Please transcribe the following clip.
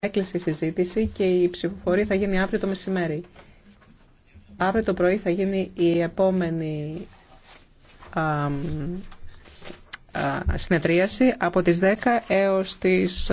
Έκλεισε η συζήτηση και η ψηφοφορία θα γίνει αύριο το μεσημέρι. Αύριο το πρωί θα γίνει η επόμενη α, συνεδρίαση από τις 10 έως τις